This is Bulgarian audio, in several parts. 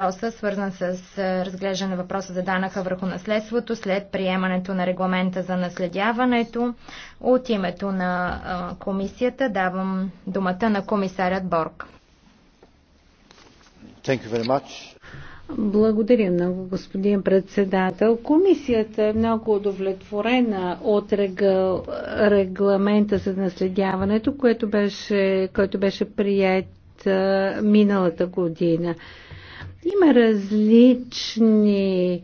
въпроса, свързан с е, разглеждане на въпроса за данъка върху наследството след приемането на регламента за наследяването. От името на е, комисията давам думата на комисарят Борг. Благодаря много, господин председател. Комисията е много удовлетворена от регъл, регламента за наследяването, което беше, който беше прият е, миналата година. Има различни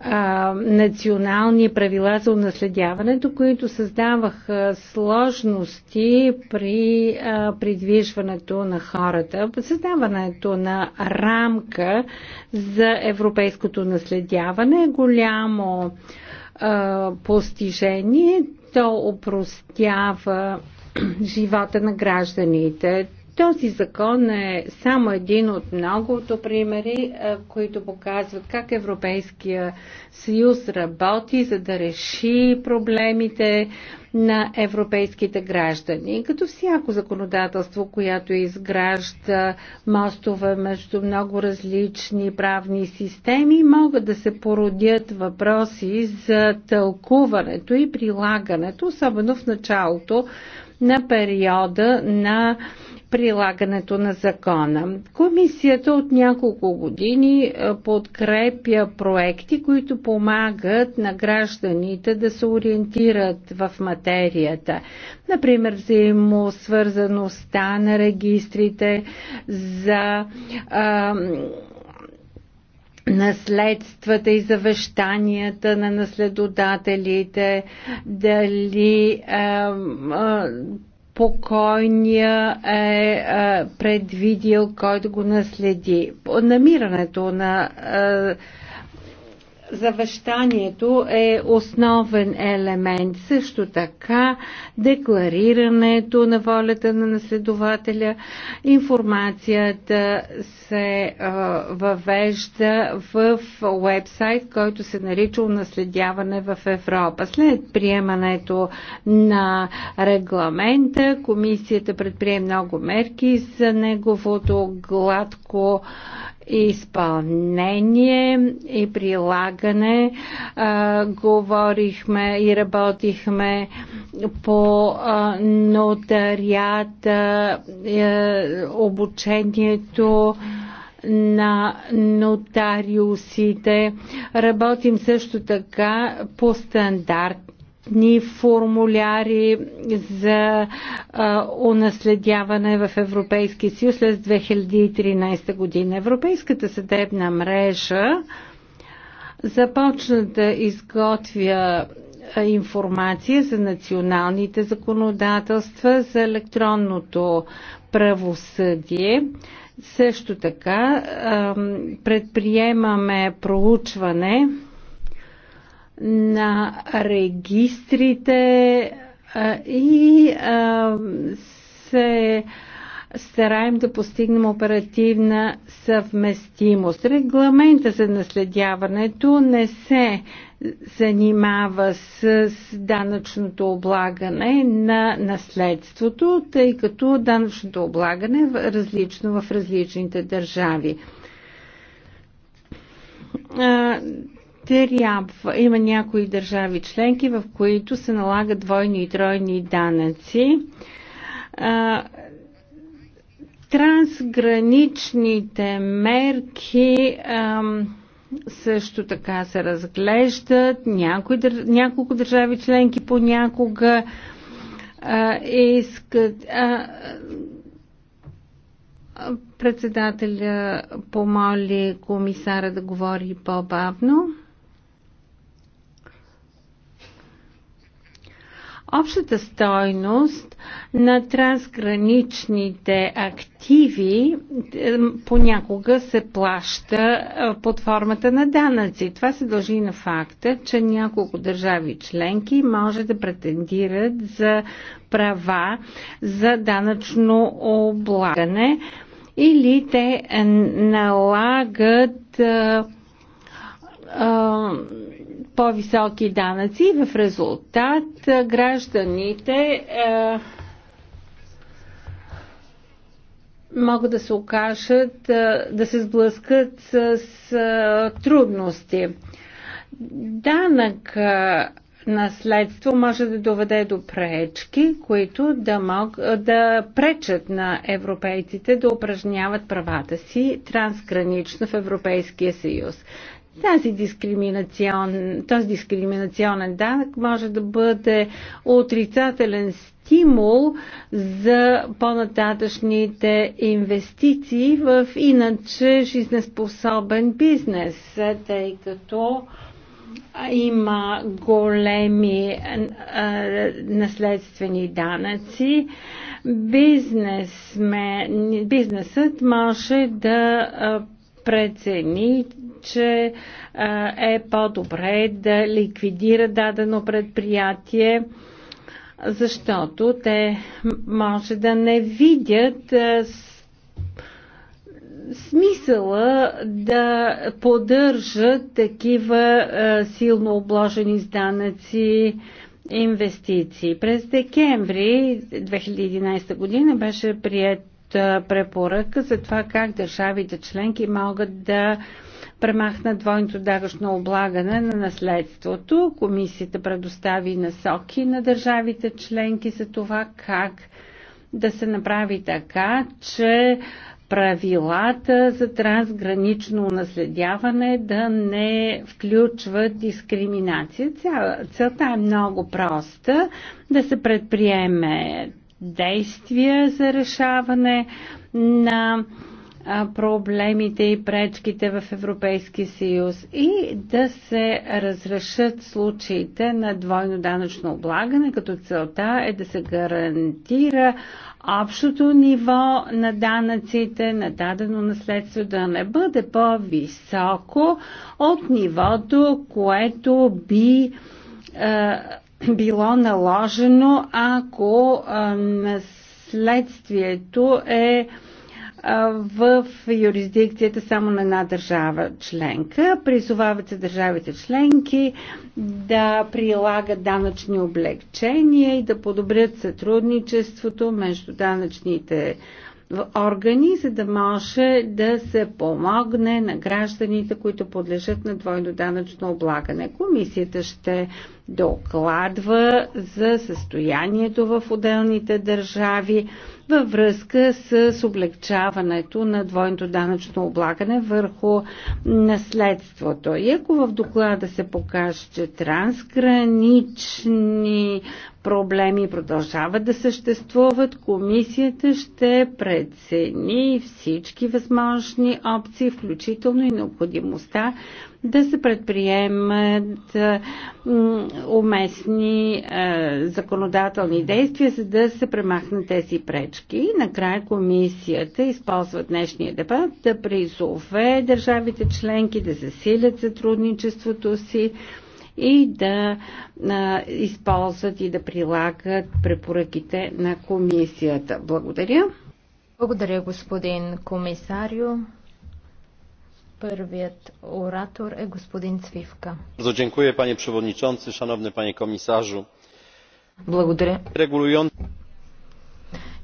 а, национални правила за унаследяването, които създаваха сложности при а, придвижването на хората, създаването на рамка за европейското наследяване е голямо а, постижение. То опростява живота на гражданите. Този закон е само един от многото примери, които показват как Европейския съюз работи, за да реши проблемите на европейските граждани. Като всяко законодателство, което изгражда мостове между много различни правни системи, могат да се породят въпроси за тълкуването и прилагането, особено в началото на периода на прилагането на закона. Комисията от няколко години е, подкрепя проекти, които помагат на гражданите да се ориентират в материята. Например, взаимосвързаността на регистрите за а, наследствата и завещанията на наследодателите, дали а, а, покойния е, е предвидил, който го наследи. Намирането на е, Завещанието е основен елемент. Също така декларирането на волята на наследователя, информацията се въвежда в уебсайт, който се нарича Наследяване в Европа. След приемането на регламента, комисията предприе много мерки за неговото гладко изпълнение и прилагане. А, говорихме и работихме по а, нотарията, а, е, обучението на нотариусите. Работим също така по стандарт ни формуляри за а, унаследяване в Европейския съюз след 2013 година. Европейската съдебна мрежа започна да изготвя информация за националните законодателства, за електронното правосъдие. Също така предприемаме проучване на регистрите и се стараем да постигнем оперативна съвместимост. Регламента за наследяването не се занимава с данъчното облагане на наследството, тъй като данъчното облагане е различно в различните държави трябва. Има някои държави членки, в които се налагат двойни и тройни данъци. Трансграничните мерки също така се разглеждат. Някои, няколко държави членки понякога искат. председателя помоли комисара да говори по-бавно. Общата стойност на трансграничните активи е, понякога се плаща е, под формата на данъци. Това се дължи на факта, че няколко държави членки може да претендират за права за данъчно облагане или те налагат е, по-високи данъци. В резултат гражданите е, могат да се окажат, е, да се сблъскат с, с е, трудности. Данък е, наследство може да доведе до пречки, които да, мог, да пречат на европейците да упражняват правата си трансгранично в Европейския съюз. Тази дискриминацион, този дискриминационен данък може да бъде отрицателен стимул за по-нататъчните инвестиции в иначе жизнеспособен бизнес, тъй като има големи а, наследствени данъци. Бизнесме, бизнесът може да прецени, че е по-добре да ликвидира дадено предприятие, защото те може да не видят смисъла да поддържат такива силно обложени зданъци инвестиции. През декември 2011 година беше прият препоръка за това как държавите членки могат да премахна двойното дагашно облагане на наследството. Комисията предостави насоки на държавите членки за това как да се направи така, че правилата за трансгранично наследяване да не включват дискриминация. Целта е много проста да се предприеме действия за решаване на проблемите и пречките в Европейския съюз и да се разрешат случаите на двойно данъчно облагане, като целта е да се гарантира общото ниво на данъците на дадено наследство да не бъде по-високо от нивото, което би е, било наложено, ако е, наследствието е в юрисдикцията само на една държава членка. Призовават се държавите членки да прилагат данъчни облегчения и да подобрят сътрудничеството между данъчните органи, за да може да се помогне на гражданите, които подлежат на двойно данъчно облагане. Комисията ще докладва за състоянието в отделните държави във връзка с облегчаването на двойното данъчно облагане върху наследството. И ако в доклада се покаже, че трансгранични проблеми продължават да съществуват, комисията ще прецени всички възможни опции, включително и необходимостта да се предприемат уместни законодателни действия, за да се премахнат тези пречки. И накрая комисията използва днешния дебат да призове държавите членки да засилят сътрудничеството си и да а, използват и да прилагат препоръките на комисията. Благодаря. Благодаря, господин комисарио. Първият оратор е господин Цвивка. Дякую, пане Przewodniczący, шановни пане комисажу. Благодаря. Регулион...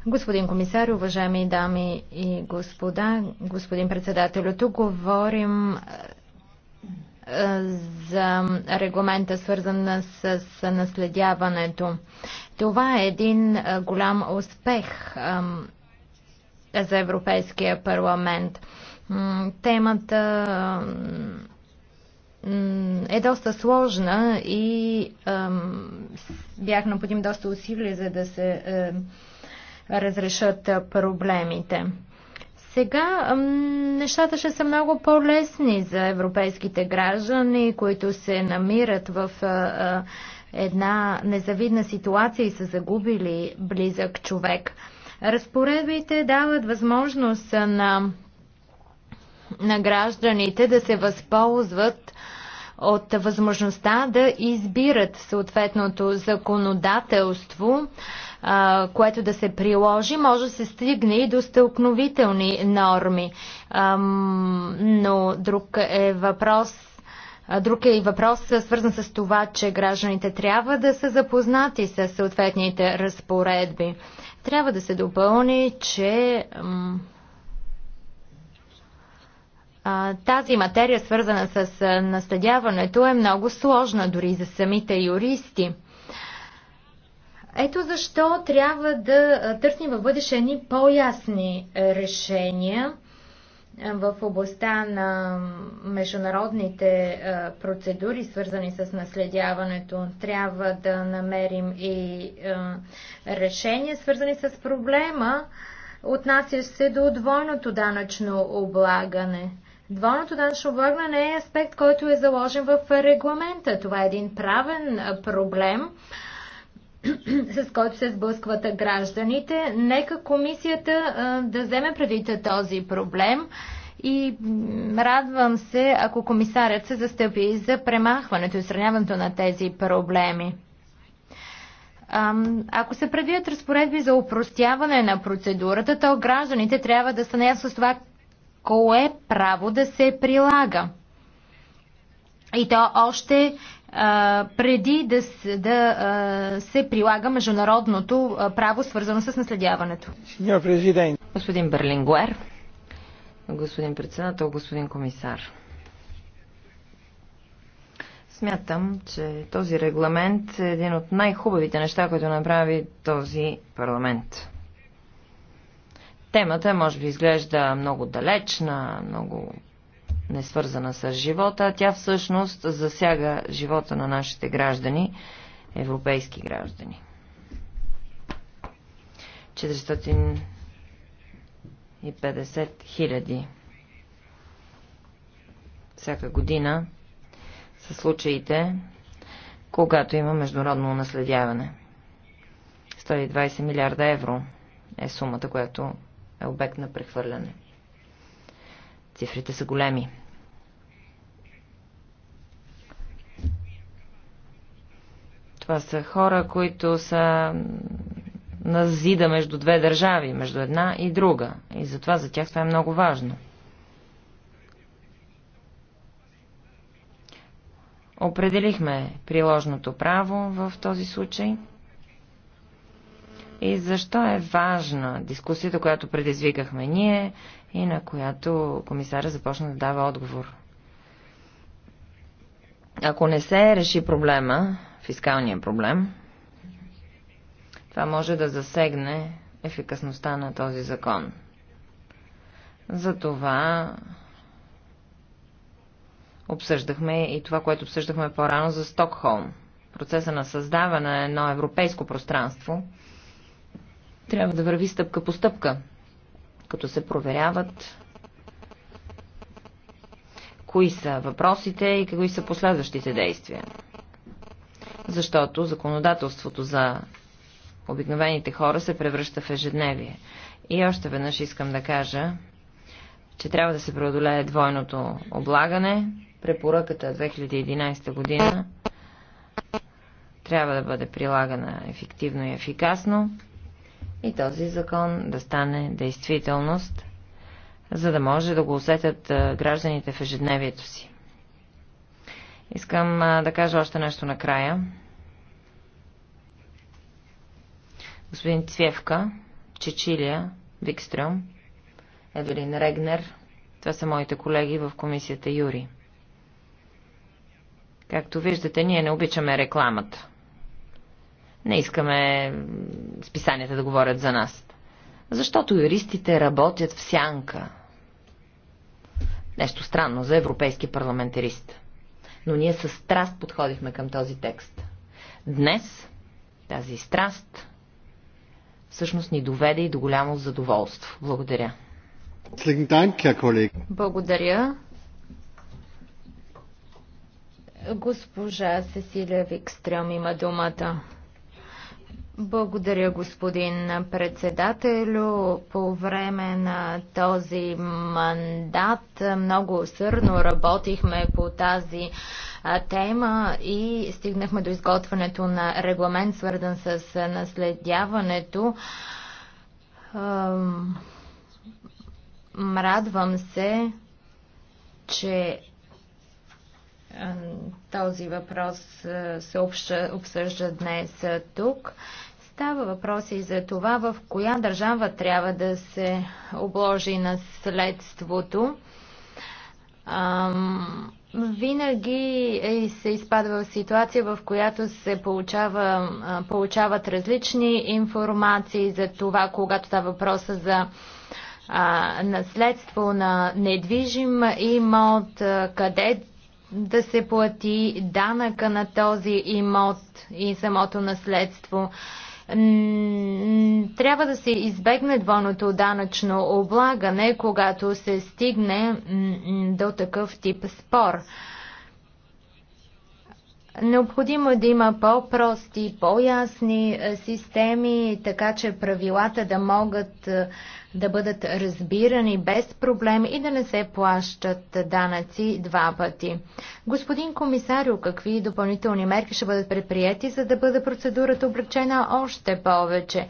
Господин комисар, уважаеми дами и господа, господин председател, тук говорим е, за регламента, свързан с наследяването. Това е един е, голям успех за Европейския парламент. Темата е доста сложна и бях необходим доста усилия, за да се е, разрешат е, проблемите. Сега нещата ще са много по-лесни за европейските граждани, които се намират в е, една незавидна ситуация и са загубили близък човек. Разпоредбите дават възможност на на гражданите да се възползват от възможността да избират съответното законодателство, което да се приложи, може да се стигне и до стълкновителни норми. Но друг е въпрос Друг е и въпрос свързан с това, че гражданите трябва да са запознати с съответните разпоредби. Трябва да се допълни, че тази материя, свързана с наследяването, е много сложна дори за самите юристи. Ето защо трябва да търсим в бъдеще ни по-ясни е, решения в областта на международните процедури, свързани с наследяването. Трябва да намерим и решения, свързани с проблема, отнасящ се до двойното данъчно облагане – Двойното данъчно облагане не е аспект, който е заложен в регламента. Това е един правен проблем, с който се сблъскват гражданите. Нека комисията да вземе преди този проблем и радвам се, ако комисарят се застъпи за премахването и сравняването на тези проблеми. Ако се предвидят разпоредби за упростяване на процедурата, то гражданите трябва да са наясно с това кое право да се прилага. И то още а, преди да, да а, се прилага международното право, свързано с наследяването. Господин Берлингуер, господин председател, господин комисар. Смятам, че този регламент е един от най-хубавите неща, които направи този парламент. Темата може би изглежда много далечна, много несвързана с живота, а тя всъщност засяга живота на нашите граждани, европейски граждани. 450 хиляди всяка година са случаите, когато има международно наследяване. 120 милиарда евро е сумата, която е обект на прехвърляне. Цифрите са големи. Това са хора, които са на зида между две държави, между една и друга. И затова за тях това е много важно. Определихме приложното право в този случай – и защо е важна дискусията, която предизвикахме ние и на която комисаря започна да дава отговор. Ако не се реши проблема, фискалния проблем, това може да засегне ефикасността на този закон. Затова обсъждахме и това, което обсъждахме по-рано за Стокхолм. Процеса на създаване на едно европейско пространство – трябва да върви стъпка по стъпка, като се проверяват кои са въпросите и какви са последващите действия. Защото законодателството за обикновените хора се превръща в ежедневие. И още веднъж искам да кажа, че трябва да се преодолее двойното облагане. Препоръката 2011 година трябва да бъде прилагана ефективно и ефикасно и този закон да стане действителност, за да може да го усетят гражданите в ежедневието си. Искам да кажа още нещо накрая. Господин Цвевка, Чечилия, Викстрюм, Евелин Регнер, това са моите колеги в комисията Юри. Както виждате, ние не обичаме рекламата. Не искаме списанията да говорят за нас. Защото юристите работят в сянка. Нещо странно за европейски парламентарист. Но ние с страст подходихме към този текст. Днес тази страст всъщност ни доведе и до голямо задоволство. Благодаря. Благодаря. Госпожа Сесилия Викстрем има думата. Благодаря, господин председателю. По време на този мандат много усърдно работихме по тази тема и стигнахме до изготвянето на регламент, свързан с наследяването. Радвам се, че този въпрос се обсъжда днес тук. Става въпрос и за това в коя държава трябва да се обложи наследството. Ам, винаги е, се изпадва в ситуация, в която се получава, получават различни информации за това, когато става въпроса за а, наследство на недвижим имот, къде да се плати данъка на този имот и самото наследство. Трябва да се избегне двойното данъчно облагане, когато се стигне до такъв тип спор. Необходимо е да има по-прости, по-ясни е, системи, така че правилата да могат е, да бъдат разбирани без проблем и да не се плащат данъци два пъти. Господин комисарио, какви допълнителни мерки ще бъдат предприяти, за да бъде процедурата облегчена още повече?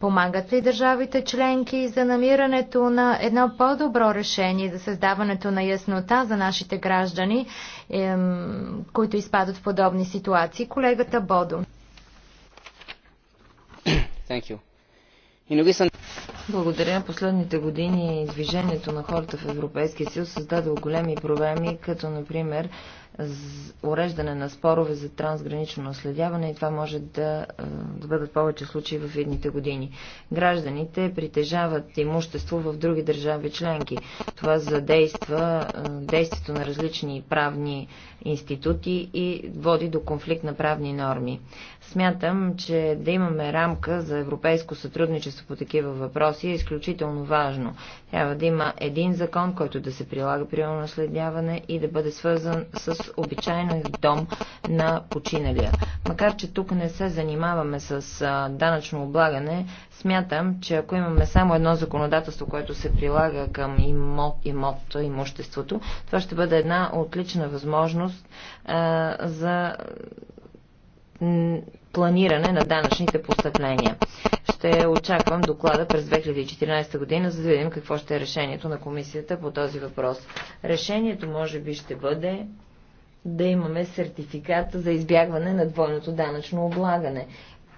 Помагат ли държавите членки за намирането на едно по-добро решение за създаването на яснота за нашите граждани, ем, които изпадат в подобни ситуации? Колегата Бодо. Благодаря. Последните години движението на хората в Европейския съюз създадало големи проблеми, като например уреждане на спорове за трансгранично наследяване и това може да, да бъдат повече случаи в едните години. Гражданите притежават имущество в други държави членки. Това задейства действието на различни правни институти и води до конфликт на правни норми. Смятам, че да имаме рамка за европейско сътрудничество по такива въпроси е изключително важно. Трябва да има един закон, който да се прилага при наследяване и да бъде свързан с обичайно и в дом на починалия. Макар, че тук не се занимаваме с данъчно облагане, смятам, че ако имаме само едно законодателство, което се прилага към имот, имот имуществото, това ще бъде една отлична възможност а, за планиране на данъчните постъпления. Ще очаквам доклада през 2014 година, за да видим какво ще е решението на комисията по този въпрос. Решението може би ще бъде да имаме сертификат за избягване на двойното данъчно облагане,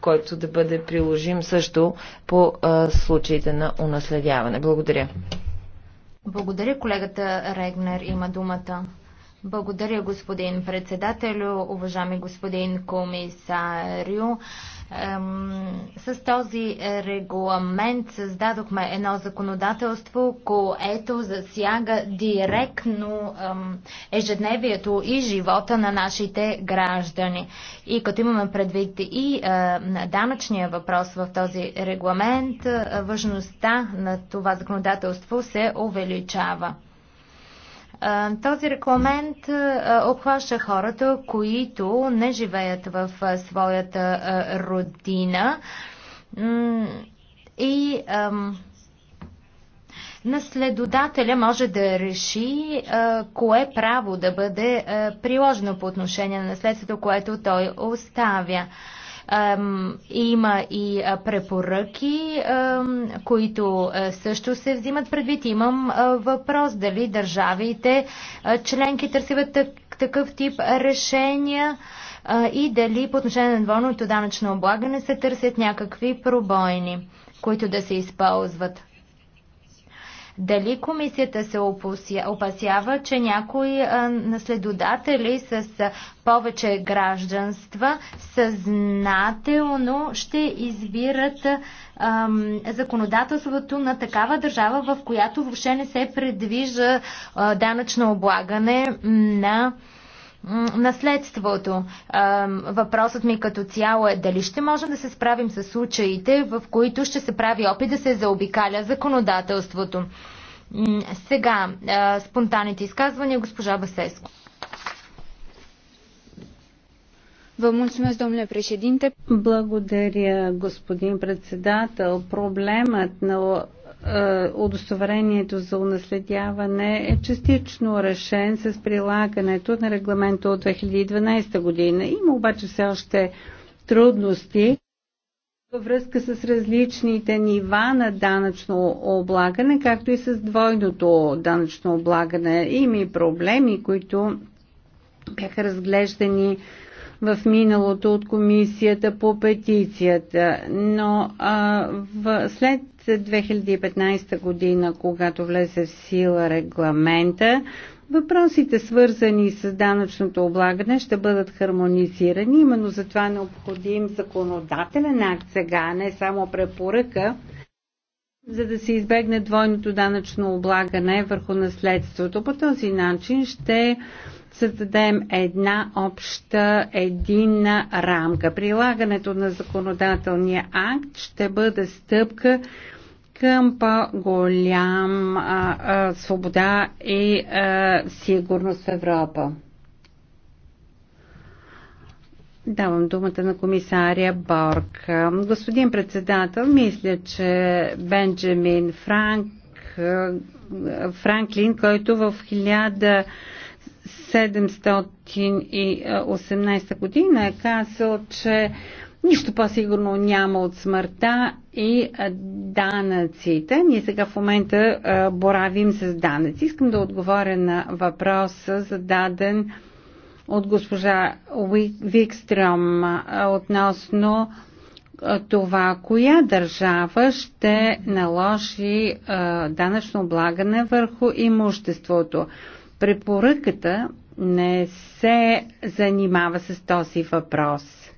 който да бъде приложим също по а, случаите на унаследяване. Благодаря. Благодаря. Колегата Регнер има думата. Благодаря, господин председател, уважаеми господин комисарио. с този регламент създадохме едно законодателство, което засяга директно ежедневието и живота на нашите граждани. И като имаме предвид и е, данъчния въпрос в този регламент, е, важността на това законодателство се увеличава. Този регламент обхваща хората, които не живеят в своята родина и наследодателя може да реши кое право да бъде приложено по отношение на наследството, което той оставя. Има и препоръки, които също се взимат предвид. Имам въпрос дали държавите членки търсиват такъв тип решения и дали по отношение на двойното данъчно облагане се търсят някакви пробойни, които да се използват. Дали комисията се опасява, че някои наследодатели с повече гражданства съзнателно ще избират законодателството на такава държава, в която въобще не се предвижда данъчно облагане на Наследството. Въпросът ми като цяло е дали ще можем да се справим с случаите, в които ще се прави опит да се заобикаля законодателството. Сега, спонтанните изказвания, госпожа Басеско. Vă mulțumesc, domnule președinte. Благодаря, господин председател. Проблемът на е, удостоверението за унаследяване е частично решен с прилагането на регламента от 2012 година. Има обаче все още трудности във връзка с различните нива на данъчно облагане, както и с двойното данъчно облагане. Има и проблеми, които бяха разглеждани в миналото от комисията по петицията, но а, в, след 2015 година, когато влезе в сила регламента, Въпросите, свързани с данъчното облагане, ще бъдат хармонизирани. Именно за това е необходим законодателен акт сега, не само препоръка, за да се избегне двойното данъчно облагане върху наследството. По този начин ще създадем една обща единна рамка. Прилагането на законодателния акт ще бъде стъпка към по-голям свобода и а, сигурност в Европа. Давам думата на комисария Борг. Господин председател, мисля, че Бенджамин Франк, Франклин, който в 1000 1718 година е казал, че Нищо по-сигурно няма от смъртта и данъците. Ние сега в момента боравим с данъци. Искам да отговоря на въпроса, зададен от госпожа Викстрем относно това, коя държава ще наложи данъчно облагане върху имуществото. Препоръката не се занимава с този въпрос.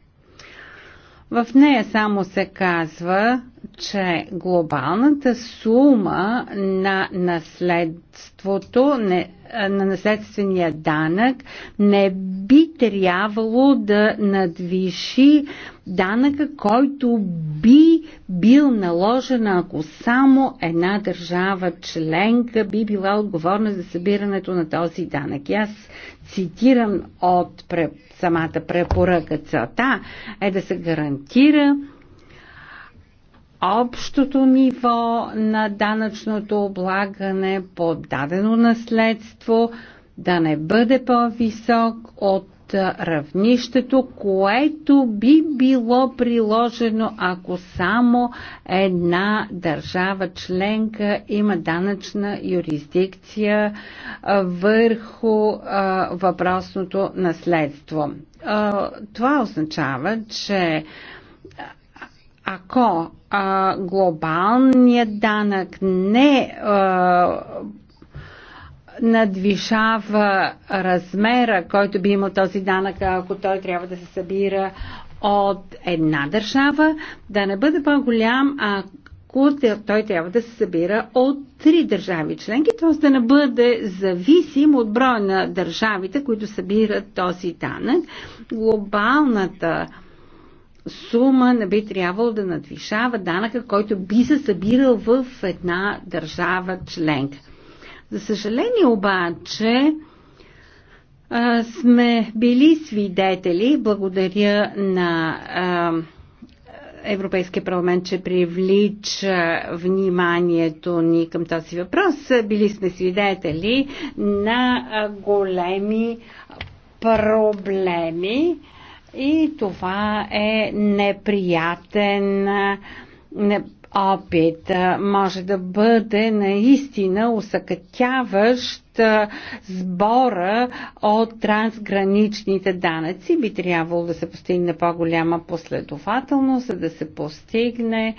В нея само се казва, че глобалната сума на наследството, не, на наследствения данък не би трябвало да надвиши данъка, който би бил наложен, ако само една държава членка би била отговорна за събирането на този данък. И аз цитирам от самата препоръка. Целта е да се гарантира общото ниво на данъчното облагане по дадено наследство да не бъде по-висок от равнището, което би било приложено, ако само една държава членка има данъчна юрисдикция върху въпросното наследство. Това означава, че ако глобалният данък не а, надвишава размера, който би имал този данък, ако той трябва да се събира от една държава, да не бъде по-голям, ако той трябва да се събира от три държави членки, т.е. да не бъде зависим от броя на държавите, които събират този данък. Глобалната сума не би трябвало да надвишава данъка, който би се събирал в една държава членка. За съжаление обаче, а, сме били свидетели, благодаря на а, Европейския парламент, че привлича вниманието ни към този въпрос. Били сме свидетели на големи проблеми и това е неприятен, неприятен опит може да бъде наистина усъкътяващ сбора от трансграничните данъци. Би трябвало да се постигне по-голяма последователност, за да се постигне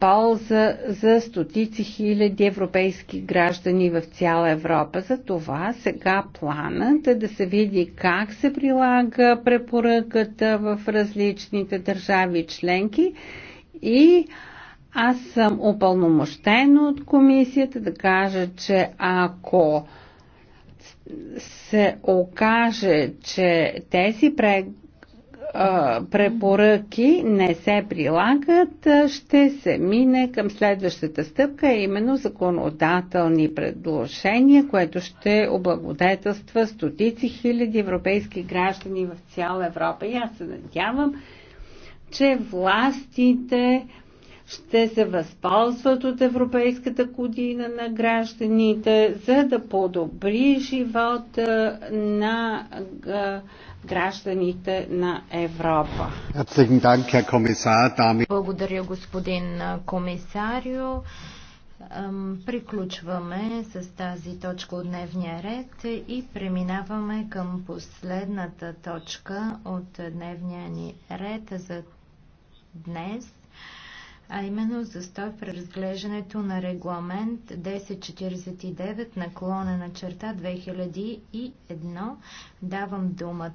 полза за стотици хиляди европейски граждани в цяла Европа. За това сега планът е да се види как се прилага препоръката в различните държави членки и аз съм упълномощена от комисията да кажа, че ако се окаже, че тези препоръки не се прилагат, ще се мине към следващата стъпка, именно законодателни предложения, което ще облагодетелства стотици хиляди европейски граждани в цяла Европа. И аз се надявам, че властите ще се възползват от Европейската година на гражданите, за да подобри живота на гражданите на Европа. Благодаря, господин комисарио. Приключваме с тази точка от дневния ред и преминаваме към последната точка от дневния ни ред за днес а именно застой в е разглеждането на регламент 1049 наклона на черта 2001. Давам думата